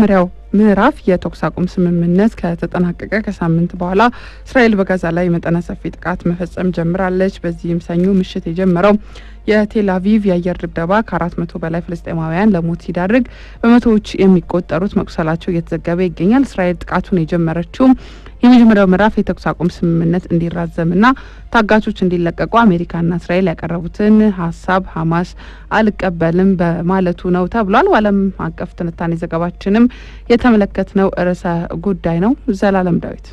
የመጀመሪያው ምዕራፍ የተኩስ አቁም ስምምነት ከተጠናቀቀ ከሳምንት በኋላ እስራኤል በጋዛ ላይ መጠነ ሰፊ ጥቃት መፈጸም ጀምራለች። በዚህም ሰኞ ምሽት የጀመረው የቴል አቪቭ የአየር ድብደባ ከአራት መቶ በላይ ፍልስጤማውያን ለሞት ሲዳርግ በመቶዎች የሚቆጠሩት መቁሰላቸው እየተዘገበ ይገኛል። እስራኤል ጥቃቱን የጀመረችውም የመጀመሪያው ምዕራፍ የተኩስ አቁም ስምምነት እንዲራዘምና ታጋቾች እንዲለቀቁ አሜሪካና እስራኤል ያቀረቡትን ሀሳብ ሀማስ አልቀበልም በማለቱ ነው ተብሏል። በዓለም አቀፍ ትንታኔ ዘገባችንም የተመለከትነው ርዕሰ ጉዳይ ነው። ዘላለም ዳዊት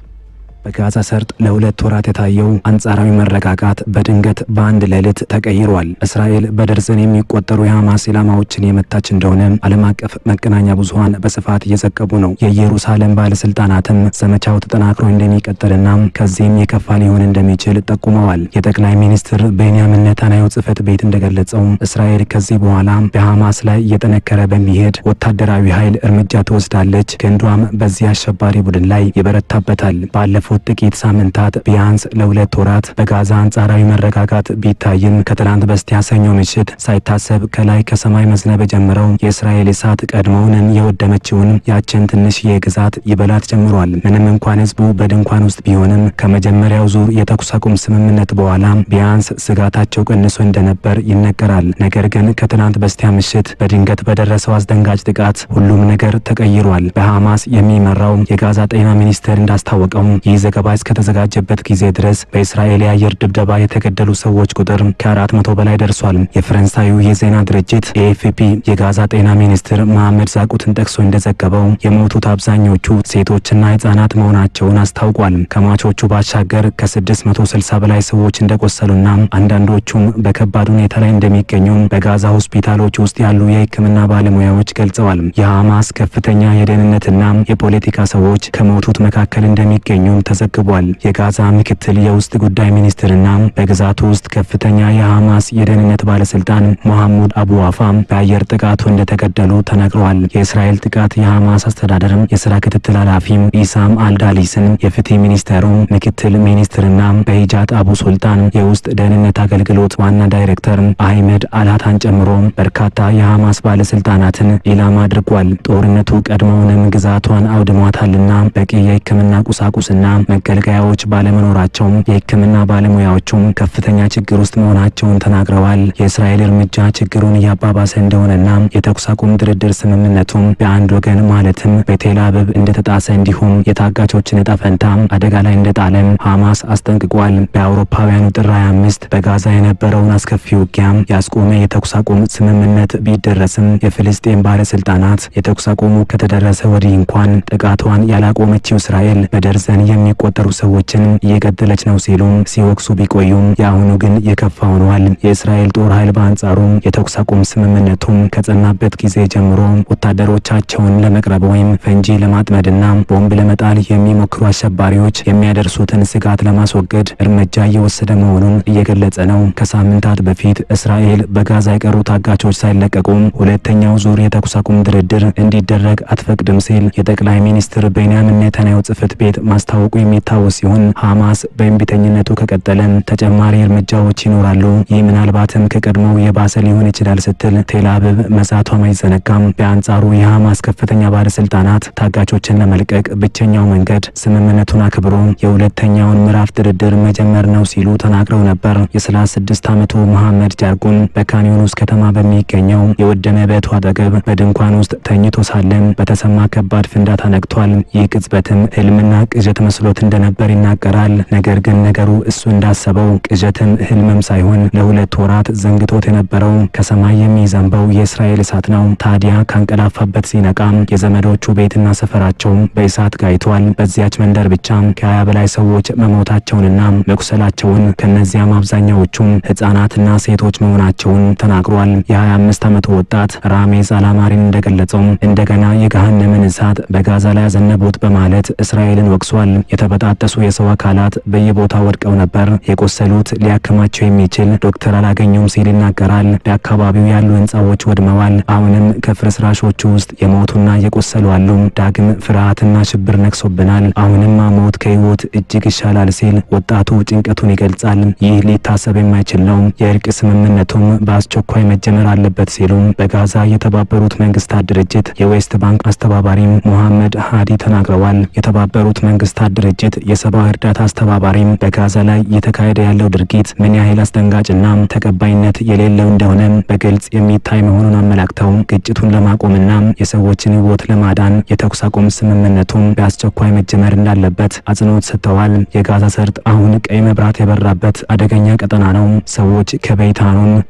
በጋዛ ሰርጥ ለሁለት ወራት የታየው አንጻራዊ መረጋጋት በድንገት በአንድ ሌሊት ተቀይሯል። እስራኤል በደርዘን የሚቆጠሩ የሐማስ ኢላማዎችን የመታች እንደሆነ ዓለም አቀፍ መገናኛ ብዙሀን በስፋት እየዘገቡ ነው። የኢየሩሳሌም ባለስልጣናትም ዘመቻው ተጠናክሮ እንደሚቀጥልና ከዚህም የከፋ ሊሆን እንደሚችል ጠቁመዋል። የጠቅላይ ሚኒስትር ቤንያሚን ኔታንያሁ ጽህፈት ቤት እንደገለጸው እስራኤል ከዚህ በኋላ በሐማስ ላይ እየጠነከረ በሚሄድ ወታደራዊ ኃይል እርምጃ ትወስዳለች። ክንዷም በዚህ አሸባሪ ቡድን ላይ ይበረታበታል። ባለፉት ባለፉት ጥቂት ሳምንታት ቢያንስ ለሁለት ወራት በጋዛ አንጻራዊ መረጋጋት ቢታይም ከትላንት በስቲያ ሰኞ ምሽት ሳይታሰብ ከላይ ከሰማይ መዝነብ የጀመረው የእስራኤል እሳት ቀድሞውንም የወደመችውን ያችን ትንሽዬ ግዛት ይበላት ጀምሯል። ምንም እንኳን ህዝቡ በድንኳን ውስጥ ቢሆንም ከመጀመሪያው ዙር የተኩስ አቁም ስምምነት በኋላ ቢያንስ ስጋታቸው ቀንሶ እንደነበር ይነገራል። ነገር ግን ከትናንት በስቲያ ምሽት በድንገት በደረሰው አስደንጋጭ ጥቃት ሁሉም ነገር ተቀይሯል። በሐማስ የሚመራው የጋዛ ጤና ሚኒስቴር እንዳስታወቀው ይህ ይህ ዘገባ እስከተዘጋጀበት ጊዜ ድረስ በእስራኤል የአየር ድብደባ የተገደሉ ሰዎች ቁጥር ከአራት መቶ በላይ ደርሷል። የፈረንሳዩ የዜና ድርጅት ኤኤፍፒ የጋዛ ጤና ሚኒስትር መሐመድ ዛቁትን ጠቅሶ እንደዘገበው የሞቱት አብዛኞቹ ሴቶችና ህጻናት መሆናቸውን አስታውቋል። ከሟቾቹ ባሻገር ከ660 በላይ ሰዎች እንደቆሰሉና አንዳንዶቹም በከባድ ሁኔታ ላይ እንደሚገኙ በጋዛ ሆስፒታሎች ውስጥ ያሉ የህክምና ባለሙያዎች ገልጸዋል። የሐማስ ከፍተኛ የደህንነትና የፖለቲካ ሰዎች ከሞቱት መካከል እንደሚገኙ ተዘግቧል። የጋዛ ምክትል የውስጥ ጉዳይ ሚኒስትርና በግዛቱ ውስጥ ከፍተኛ የሐማስ የደህንነት ባለስልጣን መሐሙድ አቡ ዋፋ በአየር ጥቃቱ እንደተገደሉ ተነግረዋል። የእስራኤል ጥቃት የሐማስ አስተዳደርም የስራ ክትትል ኃላፊም ኢሳም አልዳሊስን የፍትህ ሚኒስተሩ ምክትል ሚኒስትርና በሂጃት አቡ ሱልጣን የውስጥ ደህንነት አገልግሎት ዋና ዳይሬክተር አህመድ አልሃታን ጨምሮ በርካታ የሐማስ ባለስልጣናትን ኢላማ አድርጓል። ጦርነቱ ቀድሞውንም ግዛቷን አውድሟታልና በቂ የህክምና ቁሳቁስና መገልገያዎች ባለመኖራቸውም የህክምና ባለሙያዎቹም ከፍተኛ ችግር ውስጥ መሆናቸውን ተናግረዋል። የእስራኤል እርምጃ ችግሩን እያባባሰ እንደሆነና የተኩስ አቁም ድርድር ስምምነቱም በአንድ ወገን ማለትም በቴል አቪቭ እንደተጣሰ እንዲሁም የታጋቾችን እጣ ፈንታ አደጋ ላይ እንደጣለም ሐማስ አስጠንቅቋል። በአውሮፓውያኑ ጥር 25 በጋዛ የነበረውን አስከፊ ውጊያ ያስቆመ የተኩስ አቁም ስምምነት ቢደረስም የፍልስጤን ባለስልጣናት የተኩስ አቁሙ ከተደረሰ ወዲህ እንኳን ጥቃቷን ያላቆመችው እስራኤል በደርዘን የሚ የሚቆጠሩ ሰዎችን እየገደለች ነው ሲሉ ሲወቅሱ ቢቆዩም የአሁኑ ግን የከፋ ሆኗል። የእስራኤል ጦር ኃይል በአንጻሩም የተኩስ አቁም ስምምነቱም ከጸናበት ጊዜ ጀምሮ ወታደሮቻቸውን ለመቅረብ ወይም ፈንጂ ለማጥመድና ቦምብ ለመጣል የሚሞክሩ አሸባሪዎች የሚያደርሱትን ስጋት ለማስወገድ እርምጃ እየወሰደ መሆኑን እየገለጸ ነው። ከሳምንታት በፊት እስራኤል በጋዛ የቀሩ ታጋቾች ሳይለቀቁ ሁለተኛው ዙር የተኩስ አቁም ድርድር እንዲደረግ አትፈቅድም ሲል የጠቅላይ ሚኒስትር ቤንያሚን ኔታንያሁ ጽፈት ቤት ማስታወቁ የሚታወስ ሲሆን ሐማስ በእምቢተኝነቱ ከቀጠለ ተጨማሪ እርምጃዎች ይኖራሉ። ይህ ምናልባትም ከቀድሞው የባሰ ሊሆን ይችላል ስትል ቴል አቪቭ መዛቷም አይዘነጋም። በአንጻሩ የሐማስ ከፍተኛ ባለስልጣናት ታጋቾችን ለመልቀቅ ብቸኛው መንገድ ስምምነቱን አክብሮ የሁለተኛውን ምዕራፍ ድርድር መጀመር ነው ሲሉ ተናግረው ነበር። የ36 ዓመቱ መሐመድ ጃርጉን በካንዮኑስ ከተማ በሚገኘው የወደመ ቤቱ አጠገብ በድንኳን ውስጥ ተኝቶ ሳለም በተሰማ ከባድ ፍንዳታ ነቅቷል። ይህ ቅጽበትም ህልምና ቅዠት መስሎ መስሎት እንደነበር ይናገራል። ነገር ግን ነገሩ እሱ እንዳሰበው ቅዠትም ህልምም ሳይሆን ለሁለት ወራት ዘንግቶት የነበረው ከሰማይ የሚዘንበው የእስራኤል እሳት ነው። ታዲያ ካንቀላፋበት ሲነቃ የዘመዶቹ ቤትና ሰፈራቸው በእሳት ጋይቷል። በዚያች መንደር ብቻ ከሀያ በላይ ሰዎች መሞታቸውንና መቁሰላቸውን ከነዚያም አብዛኛዎቹም ህጻናትና ሴቶች መሆናቸውን ተናግሯል። የ25 ዓመቱ ወጣት ራሜዝ አላማሪን እንደገለጸው እንደገና የገሃነምን እሳት በጋዛ ላይ ያዘነቡት በማለት እስራኤልን ወቅሷል። የተበጣጠሱ የሰው አካላት በየቦታው ወድቀው ነበር። የቆሰሉት ሊያክማቸው የሚችል ዶክተር አላገኙም ሲል ይናገራል። በአካባቢው ያሉ ህንፃዎች ወድመዋል። አሁንም ከፍርስራሾቹ ውስጥ የሞቱና የቆሰሉ አሉ። ዳግም ፍርሃትና ሽብር ነግሶብናል። አሁንም ሞት ከህይወት እጅግ ይሻላል ሲል ወጣቱ ጭንቀቱን ይገልጻል። ይህ ሊታሰብ የማይችል ነው። የእርቅ ስምምነቱም በአስቸኳይ መጀመር አለበት ሲሉ በጋዛ የተባበሩት መንግስታት ድርጅት የዌስት ባንክ አስተባባሪም ሙሐመድ ሃዲ ተናግረዋል። የተባበሩት መንግስታት ድርጅት ድርጅት የሰብአዊ እርዳታ አስተባባሪም በጋዛ ላይ እየተካሄደ ያለው ድርጊት ምን ያህል አስደንጋጭና ተቀባይነት የሌለው እንደሆነ በግልጽ የሚታይ መሆኑን አመላክተው ግጭቱን ለማቆምና የሰዎችን ሕይወት ለማዳን የተኩስ አቁም ስምምነቱም በአስቸኳይ መጀመር እንዳለበት አጽንኦት ሰጥተዋል። የጋዛ ሰርጥ አሁን ቀይ መብራት የበራበት አደገኛ ቀጠና ነው። ሰዎች ከቤት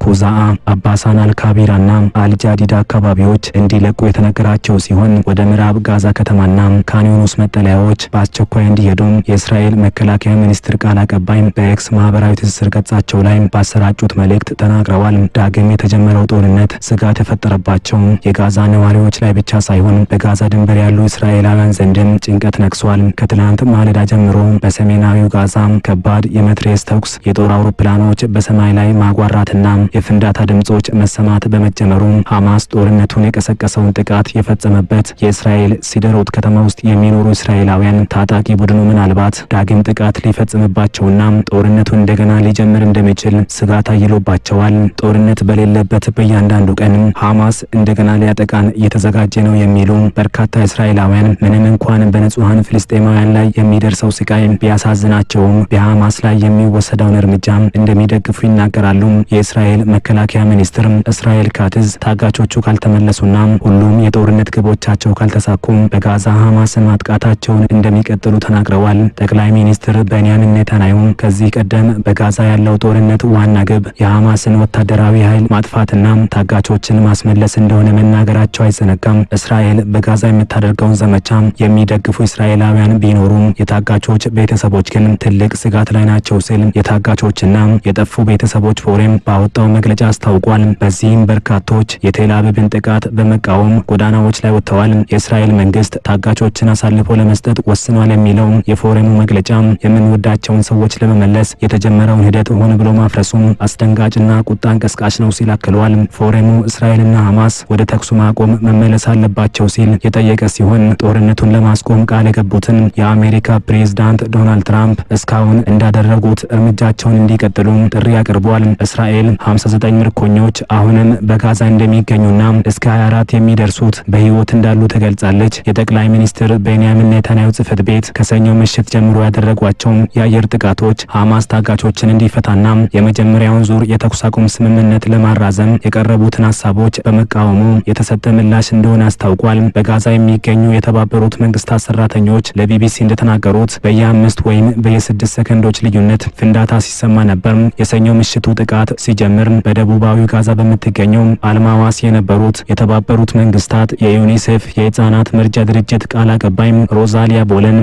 ኩዛአ፣ አባሳን አልካቢራና አልጃዲዳ አካባቢዎች እንዲለቁ የተነገራቸው ሲሆን ወደ ምዕራብ ጋዛ ከተማና ካን መጠለያዎች በአስቸኳይ እንዲሄዱም የእስራኤል መከላከያ ሚኒስትር ቃል አቀባይ በኤክስ ማህበራዊ ትስስር ገጻቸው ላይ ባሰራጩት መልእክት ተናግረዋል። ዳግም የተጀመረው ጦርነት ስጋት የፈጠረባቸው የጋዛ ነዋሪዎች ላይ ብቻ ሳይሆን በጋዛ ድንበር ያሉ እስራኤላውያን ዘንድም ጭንቀት ነግሷል። ከትላንት ማለዳ ጀምሮ በሰሜናዊው ጋዛ ከባድ የመትሬስ ተኩስ፣ የጦር አውሮፕላኖች በሰማይ ላይ ማጓራትና የፍንዳታ ድምጾች መሰማት በመጀመሩ ሐማስ ጦርነቱን የቀሰቀሰውን ጥቃት የፈጸመበት የእስራኤል ሲደሮት ከተማ ውስጥ የሚኖሩ እስራኤላውያን ታጣቂ ቡድኑ ምናልባት ዳግም ጥቃት ሊፈጽምባቸውና ጦርነቱ እንደገና ሊጀምር እንደሚችል ስጋት አይሎባቸዋል። ጦርነት በሌለበት በእያንዳንዱ ቀን ሐማስ እንደገና ሊያጠቃን እየተዘጋጀ ነው የሚሉ በርካታ እስራኤላውያን ምንም እንኳን በንጹሐን ፍልስጤማውያን ላይ የሚደርሰው ስቃይ ቢያሳዝናቸውም በሐማስ ላይ የሚወሰደውን እርምጃ እንደሚደግፉ ይናገራሉ። የእስራኤል መከላከያ ሚኒስትር እስራኤል ካትዝ ታጋቾቹ ካልተመለሱና ሁሉም የጦርነት ግቦቻቸው ካልተሳኩም በጋዛ ሐማስን ማጥቃታቸውን እንደሚቀጥሉ ተናግረዋል። ተናግረዋል። ጠቅላይ ሚኒስትር በንያሚን ኔታንያሁ ከዚህ ቀደም በጋዛ ያለው ጦርነት ዋና ግብ የሐማስን ወታደራዊ ኃይል ማጥፋትና ታጋቾችን ማስመለስ እንደሆነ መናገራቸው አይዘነጋም። እስራኤል በጋዛ የምታደርገውን ዘመቻ የሚደግፉ እስራኤላውያን ቢኖሩም የታጋቾች ቤተሰቦች ግን ትልቅ ስጋት ላይ ናቸው ሲል የታጋቾችና የጠፉ ቤተሰቦች ፎረም ባወጣው መግለጫ አስታውቋል። በዚህም በርካቶች የቴል ጥቃት በመቃወም ጎዳናዎች ላይ ወጥተዋል። የእስራኤል መንግስት ታጋቾችን አሳልፎ ለመስጠት ወስኗል የሚለው ነው። የፎረሙ መግለጫ የምንወዳቸውን ሰዎች ለመመለስ የተጀመረውን ሂደት ሆን ብሎ ማፍረሱም አስደንጋጭና ቁጣ አንቀስቃሽ ነው ሲል አክሏል። ፎረሙ እስራኤልና ሐማስ ወደ ተኩስ ማቆም መመለስ አለባቸው ሲል የጠየቀ ሲሆን ጦርነቱን ለማስቆም ቃል የገቡትን የአሜሪካ ፕሬዝዳንት ዶናልድ ትራምፕ እስካሁን እንዳደረጉት እርምጃቸውን እንዲቀጥሉ ጥሪ አቅርቧል። እስራኤል 59 ምርኮኞች አሁንም በጋዛ እንደሚገኙና እስከ 24 የሚደርሱት በሕይወት እንዳሉ ተገልጻለች። የጠቅላይ ሚኒስትር ቤንያሚን ኔታንያሁ ጽህፈት ቤት ከሰ ከሰኞ ምሽት ጀምሮ ያደረጓቸው የአየር ጥቃቶች ሐማስ ታጋቾችን እንዲፈታና የመጀመሪያውን ዙር የተኩስ አቁም ስምምነት ለማራዘም የቀረቡትን ሀሳቦች በመቃወሙ የተሰጠ ምላሽ እንደሆነ አስታውቋል። በጋዛ የሚገኙ የተባበሩት መንግስታት ሰራተኞች ለቢቢሲ እንደተናገሩት በየአምስት ወይም በየስድስት ሰከንዶች ልዩነት ፍንዳታ ሲሰማ ነበር። የሰኞ ምሽቱ ጥቃት ሲጀምር በደቡባዊ ጋዛ በምትገኘው አልማዋስ የነበሩት የተባበሩት መንግስታት የዩኒሴፍ የህፃናት መርጃ ድርጅት ቃል አቀባይ ሮዛሊያ ቦለን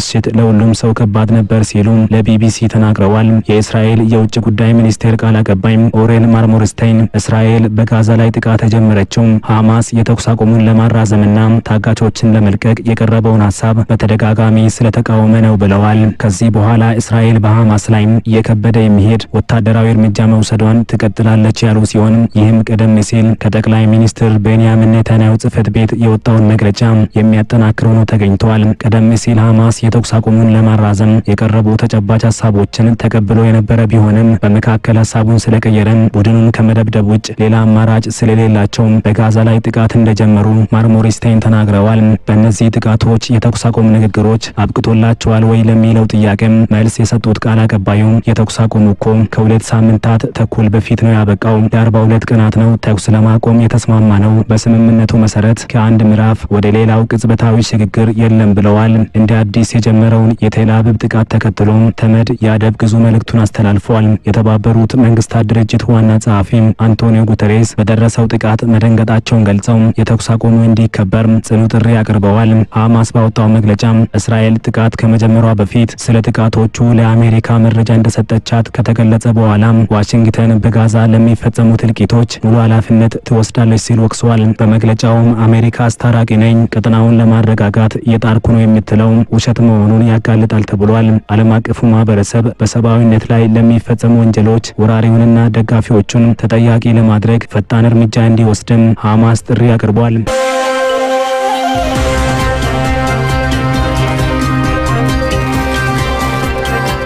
ምሽት ለሁሉም ሰው ከባድ ነበር ሲሉ ለቢቢሲ ተናግረዋል። የእስራኤል የውጭ ጉዳይ ሚኒስቴር ቃል አቀባይ ኦሬን ማርሞርስታይን እስራኤል በጋዛ ላይ ጥቃት የጀመረችው ሐማስ የተኩስ አቁሙን ለማራዘምና ታጋቾችን ለመልቀቅ የቀረበውን ሀሳብ በተደጋጋሚ ስለተቃወመ ነው ብለዋል። ከዚህ በኋላ እስራኤል በሐማስ ላይ እየከበደ የሚሄድ ወታደራዊ እርምጃ መውሰዷን ትቀጥላለች ያሉ ሲሆን ይህም ቀደም ሲል ከጠቅላይ ሚኒስትር ቤንያሚን ኔታንያሁ ጽህፈት ቤት የወጣውን መግለጫ የሚያጠናክር ሆኖ ተገኝተዋል። ቀደም ሲል ሐማስ የተኩስ አቁሙን ለማራዘም የቀረቡ ተጨባጭ ሀሳቦችን ተቀብሎ የነበረ ቢሆንም በመካከል ሀሳቡን ስለቀየረም ቡድኑን ከመደብደብ ውጭ ሌላ አማራጭ ስለሌላቸውም በጋዛ ላይ ጥቃት እንደጀመሩ ማርሞሪስታይን ተናግረዋል። በእነዚህ ጥቃቶች የተኩስ አቁም ንግግሮች አብቅቶላቸዋል ወይ ለሚለው ጥያቄም መልስ የሰጡት ቃል አቀባዩ የተኩስ አቁሙ እኮ ከሁለት ሳምንታት ተኩል በፊት ነው ያበቃው። የአርባ ሁለት ቀናት ነው ተኩስ ለማቆም የተስማማ ነው። በስምምነቱ መሰረት ከአንድ ምዕራፍ ወደ ሌላው ቅጽበታዊ ሽግግር የለም ብለዋል። እንደ አዲስ የተጀመረውን የቴልአቪቭ ጥቃት ተከትሎ ተመድ የአደብ ግዙ መልእክቱን አስተላልፏል። የተባበሩት መንግስታት ድርጅት ዋና ጸሐፊ አንቶኒዮ ጉተሬስ በደረሰው ጥቃት መደንገጣቸውን ገልጸው የተኩስ አቁሙ እንዲከበር ጽኑ ጥሪ አቅርበዋል። ሐማስ ባወጣው መግለጫ እስራኤል ጥቃት ከመጀመሯ በፊት ስለ ጥቃቶቹ ለአሜሪካ መረጃ እንደሰጠቻት ከተገለጸ በኋላ ዋሽንግተን በጋዛ ለሚፈጸሙት እልቂቶች ሙሉ ኃላፊነት ትወስዳለች ሲል ወቅሷል። በመግለጫውም አሜሪካ አስታራቂ ነኝ፣ ቀጠናውን ለማረጋጋት እየጣርኩ ነው የምትለው ውሸት መሆኑን ያጋልጣል ተብሏል። ዓለም አቀፉ ማህበረሰብ በሰብአዊነት ላይ ለሚፈጸሙ ወንጀሎች ወራሪውንና ደጋፊዎቹን ተጠያቂ ለማድረግ ፈጣን እርምጃ እንዲወስድም ሐማስ ጥሪ አቅርቧል።